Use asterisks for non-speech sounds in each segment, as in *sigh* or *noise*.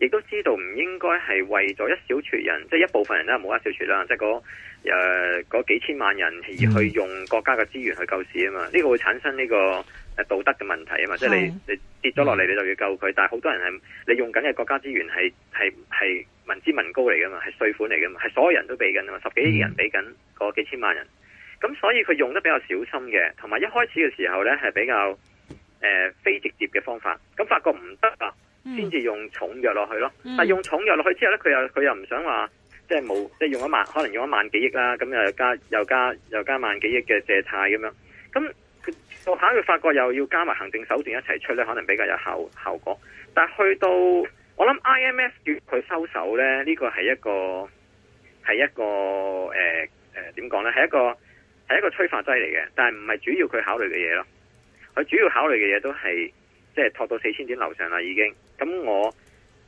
亦都知道唔應該係為咗一小撮人，即係一部分人啦，冇一小撮啦，即係嗰誒嗰幾千萬人而去用國家嘅資源去救市啊嘛，呢、嗯、個會產生呢個誒道德嘅問題啊嘛，即係、嗯、你你跌咗落嚟，你就要救佢，但係好多人係你用緊嘅國家資源係係係民脂民膏嚟噶嘛，係稅款嚟噶嘛，係所有人都俾緊啊嘛，十幾億人俾緊嗰幾千萬人，咁所以佢用得比較小心嘅，同埋一開始嘅時候呢係比較、呃、非直接嘅方法，咁發覺唔得啊。先至用重藥落去咯，但係用重藥落去之後咧，佢又佢又唔想話即係冇即係用一萬，可能用一萬幾億啦，咁又加又加又加萬幾億嘅借貸咁樣，咁到下佢發覺又要加埋行政手段一齊出咧，可能比較有效效果。但係去到我諗 IMF 要佢收手咧，呢個係一個係一個誒誒點講咧，係、呃呃、一個係一個催化劑嚟嘅，但係唔係主要佢考慮嘅嘢咯。佢主要考慮嘅嘢都係即係托到四千點樓上啦，已經。咁我誒、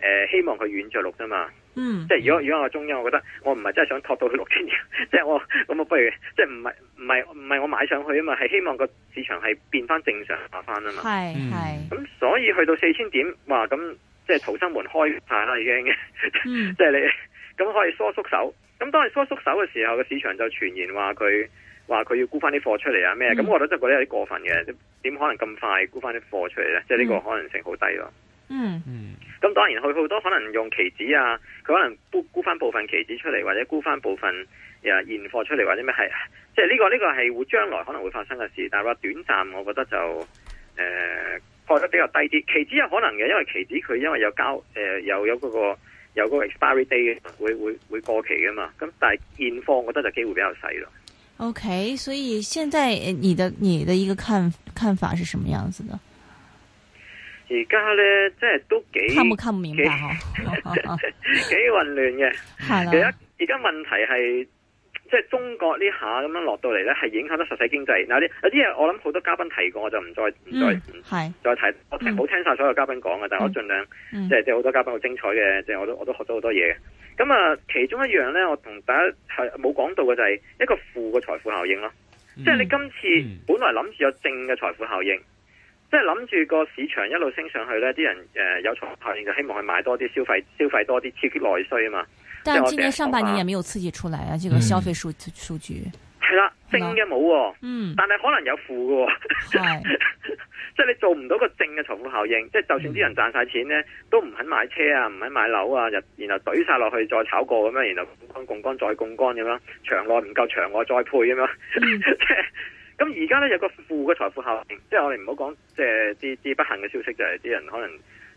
呃、希望佢軟着陸啫嘛，嗯、即係如果如果我中央，我覺得我唔係真係想托到佢六千點，即係我咁不如即係唔係唔係唔係我買上去啊嘛，係希望個市場係變翻正常下翻啊嘛，係係咁所以去到四千點話咁即係逃生門開晒啦，已經，即係、嗯、 *laughs* 你咁可以疏縮手，咁當係疏縮手嘅時候，個市場就傳言話佢話佢要沽翻啲貨出嚟啊咩，咁我覺得真係覺得有啲過分嘅，點、嗯、可能咁快沽翻啲貨出嚟咧？即係呢個可能性好低咯。嗯，咁、嗯、當然佢好多可能用期指啊，佢可能估沽翻部分期指出嚟，或者估翻部分誒、呃、現貨出嚟，或者咩係？即係呢個呢、呢個係會將來可能會發生嘅事，但係話短暫，我覺得就誒概率，比較低啲。期指有可能嘅，因為期指佢因為有交誒又、呃、有嗰、嗰個有嗰個 expiry day 嘅，會會會過期噶嘛。咁但係現貨我覺得就機會比較細咯。OK，所以現在你的你的一個看看法是什麼樣子呢？而家咧，即係都幾，其實， *laughs* 幾混亂嘅。係啦，而家而家問題係，即、就、係、是、中國這一這下呢下咁樣落到嚟咧，係影響咗實體經濟。嗱啲有啲嘢，我諗好多嘉賓提過，我就唔再唔再唔再、嗯嗯、再提。我聽冇聽晒所有嘉賓講嘅，但係我盡量，嗯、即係即係好多嘉賓好精彩嘅，即係、嗯、我都我都學咗好多嘢嘅。咁啊，其中一樣咧，我同大家係冇講到嘅就係一個負嘅財富效應咯，嗯、即係你今次本來諗住有正嘅財富效應。即係諗住個市場一路升上去呢，啲人誒有財富效應就希望去買多啲消費，消費多啲刺激內需啊嘛。但係今年上半年也沒有刺激出來啊，嗯、這個消費數數據係啦，正嘅冇、哦，嗯，但係可能有負喎、哦。即係是 *laughs* 你做唔到個正嘅財富效應，即、就、係、是、就算啲人賺晒錢呢，嗯、都唔肯買車啊，唔肯買樓啊，然後懟晒落去再炒過咁樣，然後槓桿再槓桿咁樣，場內唔夠場外再配咁樣，即係、嗯。 *laughs* 咁而家咧有個負嘅財富效應，即係我哋唔好講，即係啲啲不幸嘅消息、就是，就係啲人可能誒、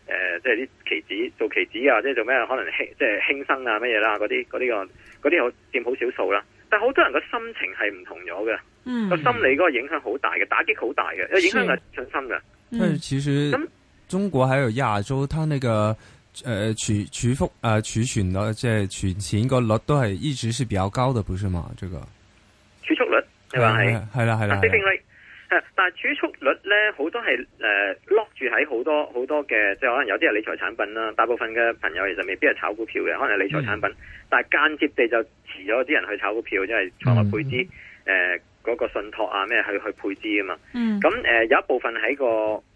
呃，即係啲棋子做棋子啊，即係做咩可能輕即係輕生啊，乜嘢啦，嗰啲嗰啲個嗰啲好佔好少數啦。但係好多人嘅心情係唔同咗嘅，個、嗯、心理嗰個影響好大嘅，打擊好大嘅，有影響係信心嘅。嗯、其實咁中國仲有亞洲，佢呢、那個誒、呃、儲儲蓄啊、呃、儲存率，即、就、係、是、存錢個率都係一直是比較高嘅，不是嗎？這個。係係啦，係啦。但係儲蓄率咧好多係誒、呃、lock 住喺好多好多嘅，即、就、係、是、可能有啲係理財產品啦。大部分嘅朋友其實未必係炒股票嘅，可能係理財產品，是是產品嗯、但係間接地就遲咗啲人去炒股票，即、就、係、是、創下配資誒嗰個信託啊咩去去配資啊嘛。咁誒、嗯呃、有一部分喺個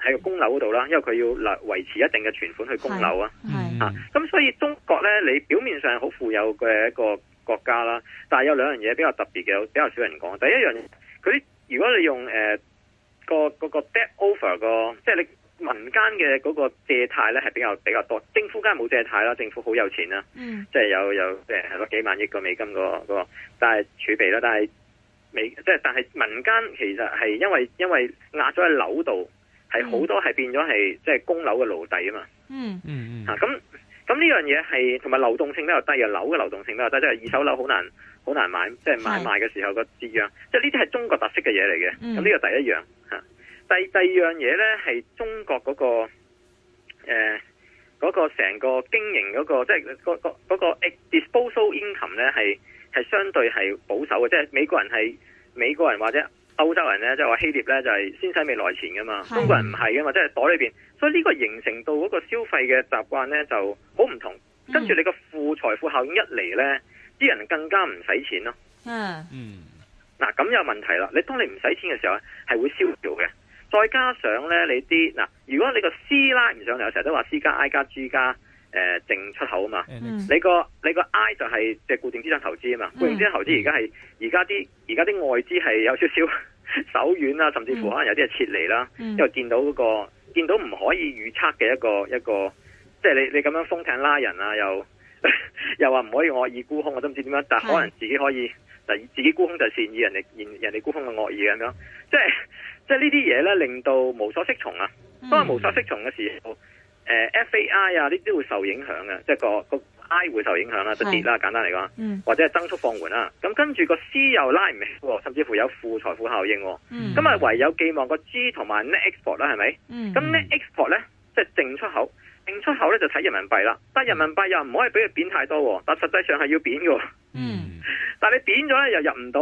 喺個供樓嗰度啦，因為佢要維持一定嘅存款去供樓啊。嚇，咁、嗯啊、所以中國咧，你表面上好富有嘅一個。國家啦，但係有兩樣嘢比較特別嘅，比較少人講。第一樣嘢，佢如果用你用嗰個 debt over 個，即係你民間嘅嗰個借貸咧係比較比較多，政府梗係冇借貸啦，政府好有錢啦，嗯，即係有有誒係幾萬億個美金嗰、嗰個但係儲備啦，但係美即係但係民間其實係因為因為壓咗喺樓度，係好多係變咗係即係供樓嘅奴隸啊嘛，嗯嗯、mm. 嗯，咁、啊。咁呢樣嘢係同埋流動性比較低嘅，樓嘅流動性比較低，即係、就是、二手樓好難好難買，即、就、係、是、買賣嘅時候個節約，即係呢啲係中國特色嘅嘢嚟嘅。咁呢個第一樣吓，第第二樣嘢咧係中國嗰、那個誒嗰、呃那個成個經營嗰、那個，即係嗰個 ex、那個那個、disposable income 咧係相對係保守嘅，即、就、係、是、美國人係美國人或者。歐洲人咧就話希臘咧就係先使未來錢噶嘛，的中國人唔係噶嘛，即、就、係、是、袋裏面。所以呢個形成到嗰個消費嘅習慣咧就好唔同。跟住、嗯、你個富財富效應一嚟咧，啲人更加唔使錢咯、啊。嗯，嗱咁、啊、有問題啦。你當你唔使錢嘅時候係會消掉嘅。再加上咧你啲嗱、啊，如果你個 C 拉唔上嚟，我成日都話 C 加 I 加 G 加誒、呃、淨出口啊嘛。嗯、你個你個 I 就係即係固定資產投資啊嘛。固定資產投資而家係而家啲而家啲外資係有少少。手軟啊，甚至乎可能有啲係撤離啦，因為、嗯、見到嗰、嗰個見到唔可以預測嘅一個一個，即係你你咁樣封艇拉人啊，又 *laughs* 又話唔可以惡意沽空，我都唔知點樣，但可能自己可以嗱，是自己沽空就善意，人哋人哋沽空係惡意咁樣，即係即係呢啲嘢咧，令到無所適從啊。當係無所適從嘅時候，誒，F A I 啊，呢啲會受影響嘅，即係個個。個 I 會受影響啦，就跌啦，簡單嚟講，或者係增速放緩啦。咁跟住個 C 又拉唔起，甚至乎有負財富效應。咁啊、嗯，唯有寄望個 G 同埋 Net Export 啦，係咪？咁、嗯、Net Export 咧，即係淨出口，淨出口咧就睇人民幣啦。但係人民幣又唔可以俾佢貶太多，但係實際上係要貶嘅。嗯、但係你貶咗咧，又入唔到，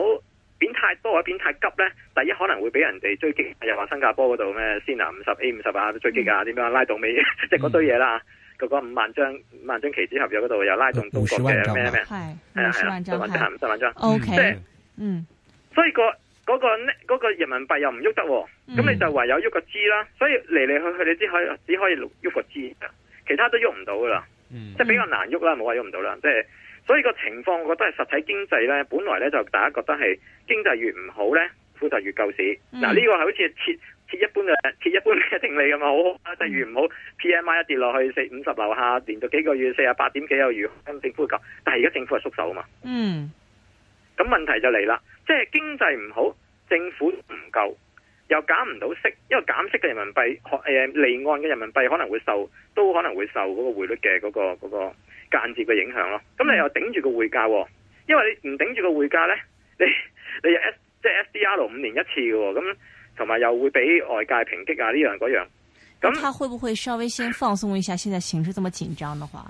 貶太多或者貶太急咧，第一可能會俾人哋追擊，又話新加坡嗰度咩，先拿五十 A 五十啊，都追擊噶、啊，點樣、嗯、拉到尾，即係嗰堆嘢啦。嗰個五萬張五萬張期指合約嗰度又拉動到市嘅咩咩？係，五十萬張係，O K。嗯，所以個嗰個個人民幣又唔喐得，咁你就唯有喐個支啦。所以嚟嚟去去你只可以只可以喐個支，其他都喐唔到噶啦。即係比較難喐啦，冇話喐唔到啦。即係所以個情況，我覺得係實體經濟咧，本來咧就大家覺得係經濟越唔好咧，負責越救市。嗱，呢個係好似切。貼一般嘅、貼一般嘅定理咁啊。好，好，例如唔好 PMI 一跌落去四五十樓下，連續幾個月四啊八點幾又如咁政府會搞，但係而家政府係縮手啊嘛。嗯，咁問題就嚟啦，即係經濟唔好，政府唔夠，又減唔到息，因為減息嘅人民幣，誒、呃，離岸嘅人民幣可能會受，都可能會受嗰個匯率嘅嗰個嗰個間接嘅影響咯。咁你又頂住個匯價，因為你唔頂住個匯價咧，你你 S 即係 SDR 五年一次嘅，咁。同埋又會俾外界抨擊啊！呢樣嗰樣，咁他會不會稍微先放鬆一下？現在形勢這麼緊張的話，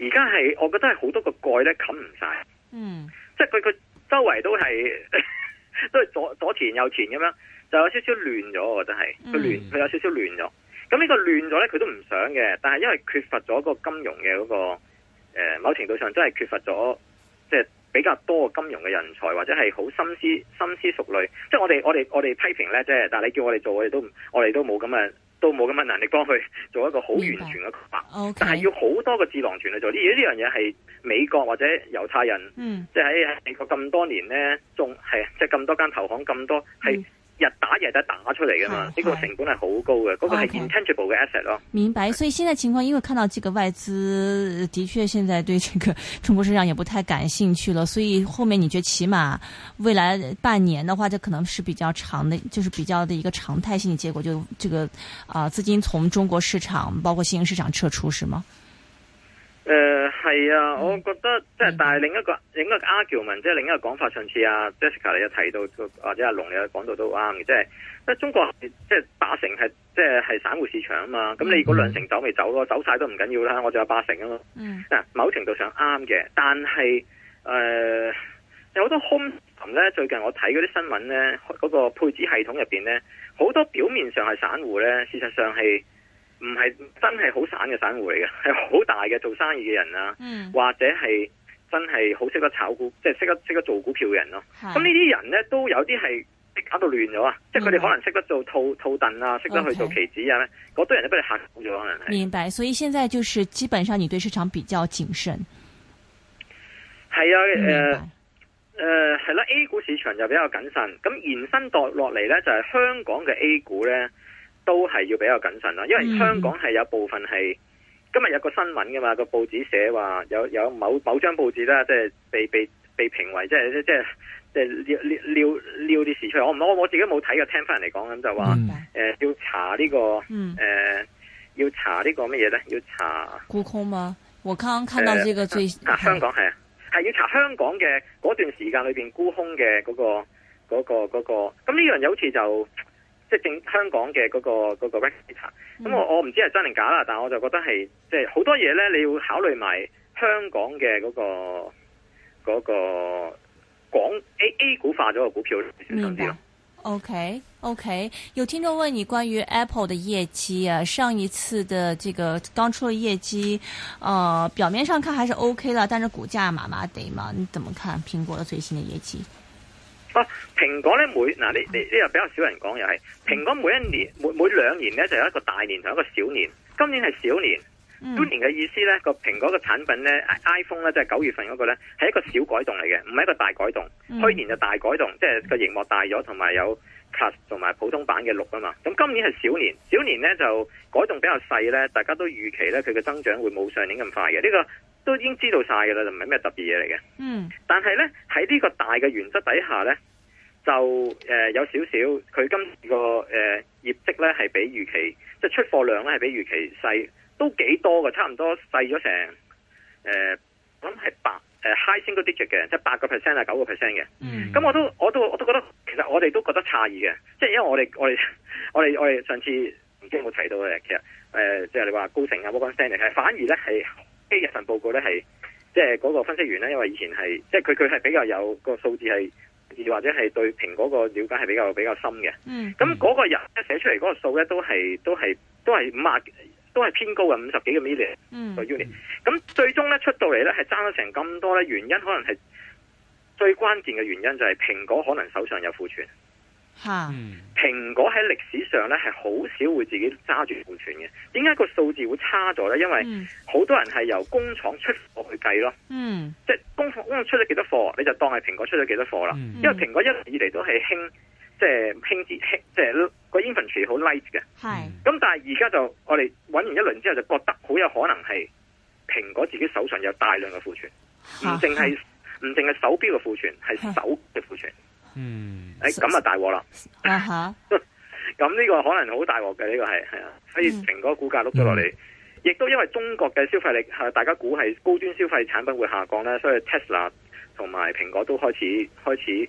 而家係我覺得係好多個蓋咧冚唔晒，嗯，即係佢佢周圍都係 *laughs* 都係左左填右填咁樣，就有點少少亂咗。我覺得係佢亂，佢有少少亂咗。咁呢個亂咗咧，佢都唔想嘅，但係因為缺乏咗個金融嘅嗰、那個、呃、某程度上真係缺乏咗，即係。比較多金融嘅人才，或者係好深思深思熟慮，即係我哋我哋我哋批評咧，即係但係你叫我哋做，我哋都我哋都冇咁嘅，都冇咁嘅能力幫佢做一個好完全嘅白，但係要好多嘅智囊團去做這，嗯、呢，而呢樣嘢，係美國或者猶太人，是就是、麼這麼是，嗯，即係喺美國咁多年咧，仲係即係咁多間投行咁多係。日打日打打出嚟噶嘛？呢好個成本係好高嘅，嗰個係 intangible 嘅 asset 咯。明白，所以現在情況，因為看到這個外資的確現在對這個中國市場也不太感興趣了，所以後面你覺得起碼未來半年的話，就可能是比較長的，就是比較的一個常態性的結果，就這個啊、呃、資金從中國市場包括新興市場撤出，是嗎？誒，係、呃、啊，嗯、我覺得即係，但係另一個、嗯、另一個 argument 即係另一個講法。上次啊，Jessica 你有提到，或者阿、啊、龍有講到都啱嘅，即、就、係、是，因為中國即係八成係，即係係散戶市場啊嘛。咁、嗯、你如果兩成走咪走咯，走晒都唔緊要啦，我仲有八成啊嘛。嗯，嗱，某程度上啱嘅，但係誒、呃，有好多空盤咧。最近我睇嗰啲新聞咧，嗰、那個配置系統入邊咧，好多表面上係散戶咧，事實上係。唔係真係好散嘅散戶嚟嘅，係好大嘅做生意嘅人啦、啊，嗯、或者係真係好識得炒股，即係識得識得做股票嘅人咯、啊。咁、嗯、呢啲人咧，都有啲係搞到亂咗啊！即係佢哋可能識得做套套凳啊，識、嗯、得去做棋子啊，嗰堆 okay, 人都俾你嚇到咗，可能係明白。所以現在就是基本上你對市場比較謹慎。係啊，誒白，誒、呃，係啦、啊、，A 股市場就比較謹慎。咁延伸落落嚟咧，就係、是、香港嘅 A 股咧。都係要比較謹慎啦，因為香港係有部分係、嗯、今日有個新聞噶嘛，個報紙寫話有有某某張報紙啦，即係被被被評為即係即係即係撩啲事出嚟。我唔我我自己冇睇嘅，聽翻人嚟講咁就話誒要查呢個誒要查呢個乜嘢咧？要查沽、這個呃、空嗎？我剛剛看到這個最香港係啊，係要查香港嘅嗰段時間裏邊沽空嘅嗰個嗰個嗰個，咁、那、呢、個那個那個、樣又好似就。即係正香港嘅嗰、那個 website，、那個嗯、咁、嗯嗯、我我唔知係真定假啦，但我就覺得係即係好多嘢咧，你要考慮埋香港嘅嗰、那個嗰港、那個、A A 股化咗嘅股票小心啲咯。OK OK，有聽眾問你關於 Apple 嘅業績啊，上一次嘅這個剛出嘅業績、呃，表面上看還是 OK 啦，但是股價麻麻地嘛，你怎點看蘋果嘅最新嘅業績？蘋、啊、果咧每嗱呢呢呢又比較少人講，又係蘋果每一年每每兩年咧就有一個大年同一個小年，今年係小年。今年嘅意思咧個蘋果嘅產品咧 iPhone 咧即係、就、九、是、月份嗰個咧係一個小改動嚟嘅，唔係一個大改動。嗯、去年就大改動，即係個熒幕大咗同埋有，有。同埋普通版嘅六啊嘛，咁今年係小年，小年呢就改動比較細呢，大家都預期呢，佢嘅增長會冇上年咁快嘅，呢、這個都已經知道晒㗎啦，就唔係咩特別嘢嚟嘅。嗯，但係呢，喺呢個大嘅原則底下呢，就誒、呃、有少少，佢今次個誒、呃、業績呢係比預期，即、就、係、是、出貨量呢係比預期細，都幾多嘅，差唔多細咗成誒，我諗係百。誒，high single digit 嘅，即係八個 percent 啊，九個 percent 嘅。嗯。咁、mm hmm. 我都我都我都覺得，其實我哋都覺得詫異嘅，即、就、係、是、因為我哋我哋我哋我哋上次唔知有冇提到嘅，其實誒，即係你話高盛啊、摩根士丹利係反而咧係呢一份報告咧係，即係嗰個分析員咧，因為以前係即係佢佢係比較有、個數字係，或者係對蘋果個了解係比較比較深嘅。嗯、mm。咁、hmm. 嗰個人咧寫出嚟嗰個數咧都係都係都係五十。都係偏高嘅五十幾個 million 個 unit，咁、嗯、最終咧出到嚟咧係爭咗成咁多咧，原因可能係最關鍵嘅原因就係蘋果可能手上有庫存，吓、嗯，蘋果喺歷史上咧係好少會自己揸住庫存嘅，點解個數字會差咗咧？因為好多人係由工廠出貨去計咯，嗯，即係工廠出咗幾多貨，你就當係蘋果出咗幾多貨啦，嗯、因為蘋果一直以嚟都係輕。即係輕折輕，即係個 infantry 好 light 嘅。係、嗯。咁但係而家，就我哋搵完一輪之後，就覺得好有可能係蘋果自己手上有大量嘅庫存，唔淨係唔淨係手表嘅庫存，係手嘅庫存。嗯。誒、哎，咁啊大鑊啦。咁呢 *laughs* 個可能好大鑊嘅，呢個係係啊，所以蘋果股價碌咗落嚟，亦、嗯、都因為中國嘅消費力吓，大家估係高端消費產品會下降啦，所以 Tesla 同埋蘋果都開始開始。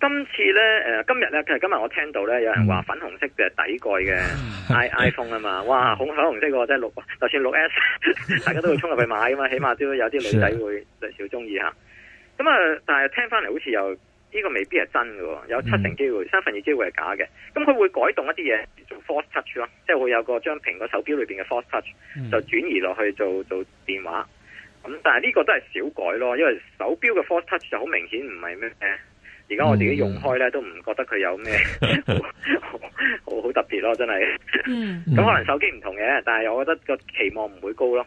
今次呢、呃，今日呢，其實今日我聽到呢有人話粉紅色嘅底蓋嘅 iPhone 啊嘛， *laughs* 哇，紅粉紅色個真係六，6, 就算六 S， *laughs* 大家都會衝入去買噶嘛， *laughs* 起碼都有啲女仔會少中意嚇。咁、嗯、啊，但係聽翻嚟好似又呢、這個未必係真嘅，有七成機會，三分二機會係假嘅。咁、嗯、佢、嗯、會改動一啲嘢做 Force Touch 咯，即係會有一個將蘋果手錶裏面嘅 Force Touch 就轉移落去做做電話。咁、嗯、但係呢個都係小改咯，因為手錶嘅 Force Touch 就好明顯唔係咩。而家我自己用開咧，都唔覺得佢有咩好好特別咯，真係。咁 *laughs* 可能手機唔同嘅，但係我覺得個期望唔會高咯。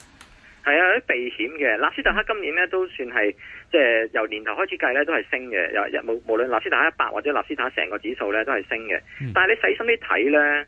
係啊，有啲避險嘅，納斯達克今年咧都算係，即、就、係、是、由年頭開始計咧都係升嘅，有冇無論納斯達克一百或者納斯達成個指數咧都係升嘅。嗯、但係你細心啲睇咧，誒、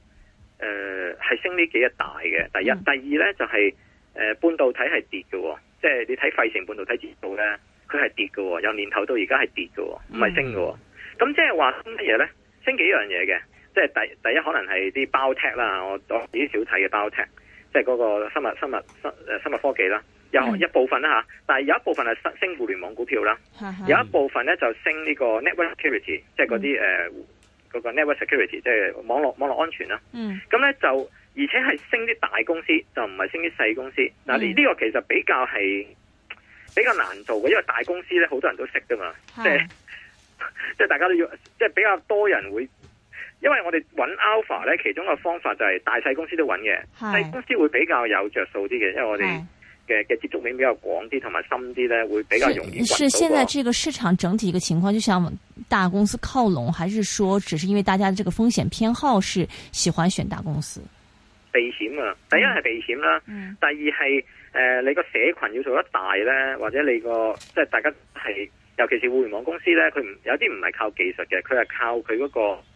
呃、係升呢幾日大嘅。第一、嗯、第二咧就係、是呃、半導體係跌嘅，即係你睇費城半導體指數咧，佢係跌嘅，由年頭到而家係跌嘅，唔係升嘅。咁即係話乜嘢咧，升幾樣嘢嘅，即係第一第一可能係啲包踢啦，我自己少睇嘅包踢。Tech, 即係嗰個生物、生物、生誒生物科技啦，有一部分啦吓，嗯、但係有一部分係升互聯網股票啦，是是有一部分咧是就升呢個 network security，即係嗰啲誒嗰個 network security，即係網絡網絡安全啦。嗯。咁咧就而且係升啲大公司，就唔係升啲細公司。嗱、嗯，呢呢個其實比較係比較難做嘅，因為大公司咧好多人都識㗎嘛，即係即係大家都要，即、就、係、是、比較多人會。因為我哋揾 Alpha 咧，其中一個方法就係大細公司都揾嘅，細是公司會比較有着數啲嘅，因為我哋嘅嘅接觸面比較廣啲，同埋深啲咧，會比較容易是。是現在這個市場整體一個情況，就向大公司靠攏，還是說只是因為大家的這個風險偏好是喜歡選大公司避險啊？第一係避險啦、啊，嗯、第二係誒、呃、你個社群要做得大咧，或者你個即係大家係。尤其是互聯網公司呢，佢唔有啲唔係靠技術嘅，佢係靠佢嗰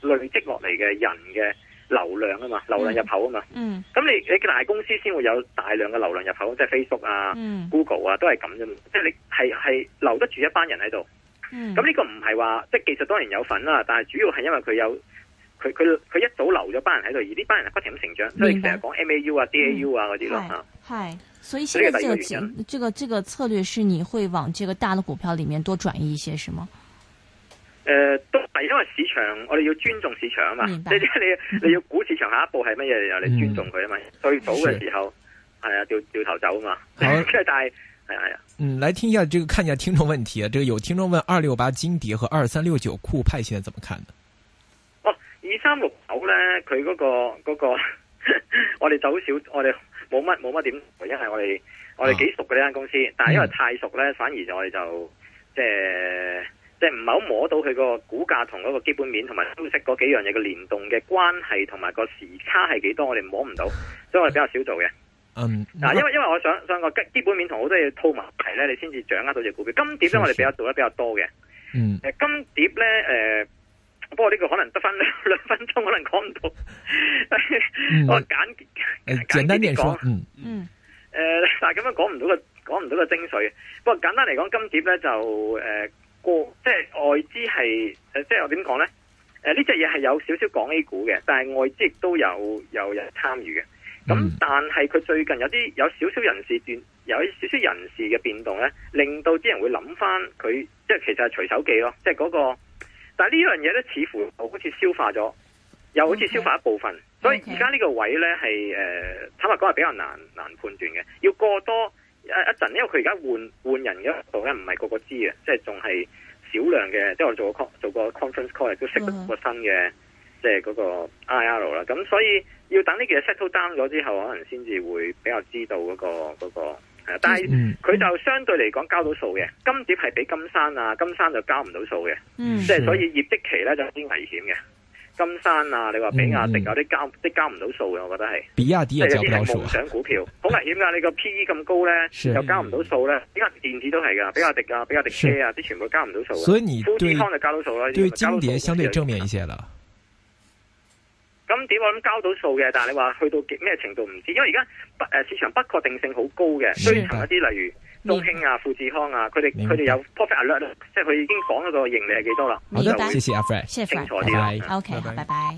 個累積落嚟嘅人嘅流量啊嘛，嗯、流量入口啊嘛。嗯。咁你你大公司先會有大量嘅流量入口，即係 Facebook 啊、嗯、Google 啊，都係咁啫。即係你係係留得住一班人喺度。嗯。咁呢個唔係話，即係技術當然有份啦，但係主要係因為佢有佢佢佢一早留咗班人喺度，而呢班人係不停咁成長，所以成日講 MAU 啊、DAU 啊嗰啲咯。嗯。所以現在這個這個，這個、這個、這個策略，是你會往這個大的股票裏面多轉移一些，是嗎？誒、呃，都係因為市場，我哋要尊重市場啊嘛。白你你你要估市場下一步係乜嘢，由、嗯、你尊重佢啊嘛。最早嘅時候，係是、哎、啊，掉掉頭走啊嘛。咁但係係啊。啊嗯，來聽一下，這個看一下聽眾問題啊。這個有聽眾問：二六八金蝶和二三六九酷派現在怎麼看呢？哦，二三六九咧，佢嗰個嗰個，那個、 *laughs* 我哋走少，我哋。冇乜冇乜點，唯一係我哋我哋幾熟嘅呢間公司，啊、但係因為太熟咧，反而我哋就即係即係唔係好摸到佢個股價同嗰個基本面同埋消息嗰幾樣嘢嘅聯動嘅關係，同埋個時差係幾多，我哋摸唔到，所以我哋比較少做嘅、嗯。嗯，嗱、啊，因為因為我想想個基本面同好多嘢套埋合埋咧，你先至掌握到隻股票。金碟咧，我哋比較做得比較多嘅。嗯，誒，金碟咧，誒、呃。不過呢個可能得翻兩,兩分鐘，可能講唔到、嗯。我 *laughs* 簡潔，簡單點講，嗯誒、呃，但係咁樣講唔到個講唔到個精髓。不過簡單嚟講，金碟咧就誒、呃，過即係外資係誒，即係我點講咧？誒、呃，呢隻嘢係有少少講 A 股嘅，但係外資亦都有有人參與嘅。咁但係佢最近有啲有少少人士轉，有少少人士嘅變動咧，令到啲人會諗翻佢，即係其實係隨手記咯，即係嗰、那個。但係呢樣嘢咧，似乎好似消化咗，又好似消化一部分，Okay. 所以而家呢個位咧係誒，坦白講係比較難難判斷嘅。要過多、啊、一陣，因為佢而家換換人嘅度咧，唔係個個知嘅，即係仲係少量嘅。即係我做個 conference call，亦都識得個新嘅，即係嗰個 IR 啦。咁所以要等呢件事 settle down 咗之後，可能先至會比較知道嗰個嗰個。嗰個但係佢就相對嚟講交到數嘅，金蝶係比金山啊，金山就交唔到數嘅，即係、嗯、所以業績期咧就有啲危險嘅。金山啊，你話比亞迪啊啲交啲、嗯、交唔到數嘅，我覺得係比亞迪亦、啊、有啲夢想股票，好 *laughs* 危險噶。你個 P E 咁高咧，是又交唔到數咧。依家是電子都係噶，比亞迪啊，比亞迪車啊，啲全部交唔到數。所以康就交到數啦，因對金蝶相對正面一些啦。咁點我諗交到數嘅，但係你話去到極咩程度唔知，因為而家不誒市場不確定性好高嘅，追尋白一啲例如白東興啊、富士康啊，佢哋佢哋有 profit alert 即係佢已經講一個盈利係幾多啦。好的白，多謝，謝阿 Fred，謝謝 Fred，好，OK，拜拜。